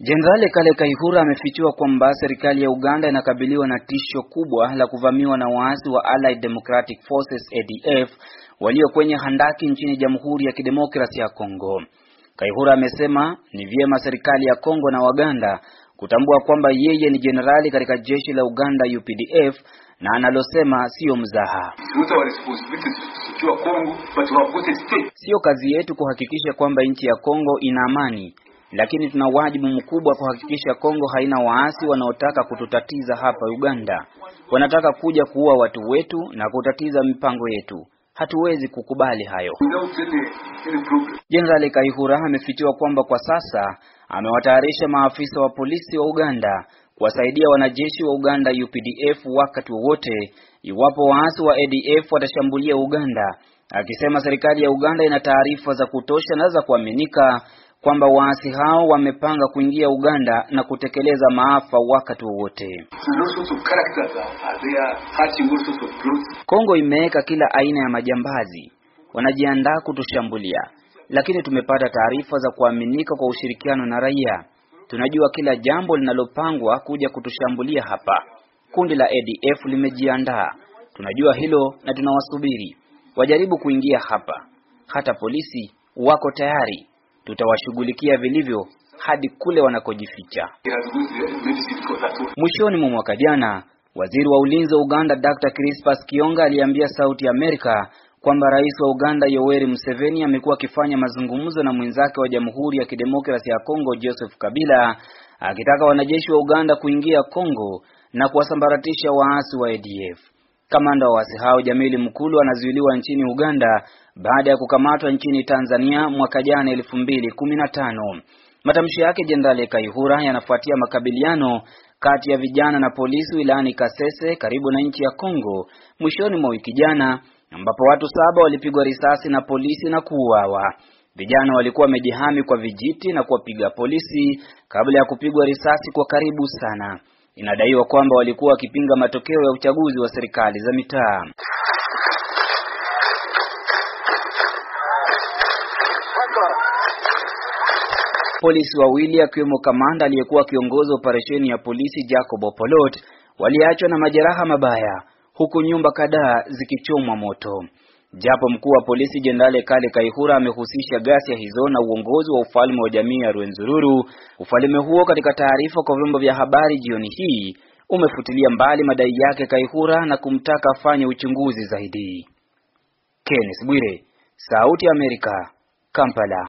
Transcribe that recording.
Jenerali Kale Kaihura amefichua kwamba serikali ya Uganda inakabiliwa na tisho kubwa la kuvamiwa na waasi wa Allied Democratic Forces ADF walio kwenye handaki nchini Jamhuri ya Kidemokrasia ya Kongo. Kaihura amesema ni vyema serikali ya Kongo na Waganda kutambua kwamba yeye ni jenerali katika jeshi la Uganda UPDF na analosema sio mzaha. Sio kazi yetu kuhakikisha kwamba nchi ya Kongo ina amani lakini tuna wajibu mkubwa kuhakikisha Kongo haina waasi wanaotaka kututatiza hapa Uganda. Wanataka kuja kuua watu wetu na kutatiza mipango yetu. Hatuwezi kukubali hayo. Jenerali Kaihura amefichua kwamba kwa sasa amewatayarisha maafisa wa polisi wa Uganda kuwasaidia wanajeshi wa Uganda UPDF wakati wowote iwapo waasi wa ADF watashambulia Uganda, akisema serikali ya Uganda ina taarifa za kutosha na za kuaminika kwamba waasi hao wamepanga kuingia Uganda na kutekeleza maafa wakati wowote. Kongo imeweka kila aina ya majambazi, wanajiandaa kutushambulia, lakini tumepata taarifa za kuaminika kwa ushirikiano na raia. Tunajua kila jambo linalopangwa kuja kutushambulia hapa. Kundi la ADF limejiandaa, tunajua hilo na tunawasubiri wajaribu kuingia hapa. Hata polisi wako tayari tutawashughulikia vilivyo hadi kule wanakojificha. Mwishoni mwa mwaka jana, waziri wa ulinzi wa Uganda Dr. Crispas Kionga aliambia Sauti ya Amerika kwamba rais wa Uganda Yoweri Museveni amekuwa akifanya mazungumzo na mwenzake wa Jamhuri ya Kidemokrasia ya Kongo Joseph Kabila akitaka wanajeshi wa Uganda kuingia Kongo na kuwasambaratisha waasi wa ADF. Kamanda wa waasi hao Jamili Mkulu anazuiliwa nchini Uganda baada ya kukamatwa nchini Tanzania mwaka jana 2015. Matamshi yake Jenerali Kaihura yanafuatia makabiliano kati ya vijana na polisi wilayani Kasese karibu na nchi ya Kongo mwishoni mwa wiki jana, ambapo watu saba walipigwa risasi na polisi na kuuawa. Vijana walikuwa wamejihami kwa vijiti na kuwapiga polisi kabla ya kupigwa risasi kwa karibu sana. Inadaiwa kwamba walikuwa wakipinga matokeo ya uchaguzi wa serikali za mitaa. Polisi wawili akiwemo kamanda aliyekuwa kiongoza operesheni ya polisi Jacob Opolot waliachwa na majeraha mabaya huku nyumba kadhaa zikichomwa moto. Japo mkuu wa polisi Jenerali Kale Kaihura amehusisha ghasia hizo na uongozi wa ufalme wa jamii ya Rwenzururu, ufalme huo katika taarifa kwa vyombo vya habari jioni hii umefutilia mbali madai yake Kaihura na kumtaka afanye uchunguzi zaidi. Kenneth Bwire, Sauti ya Amerika, Kampala.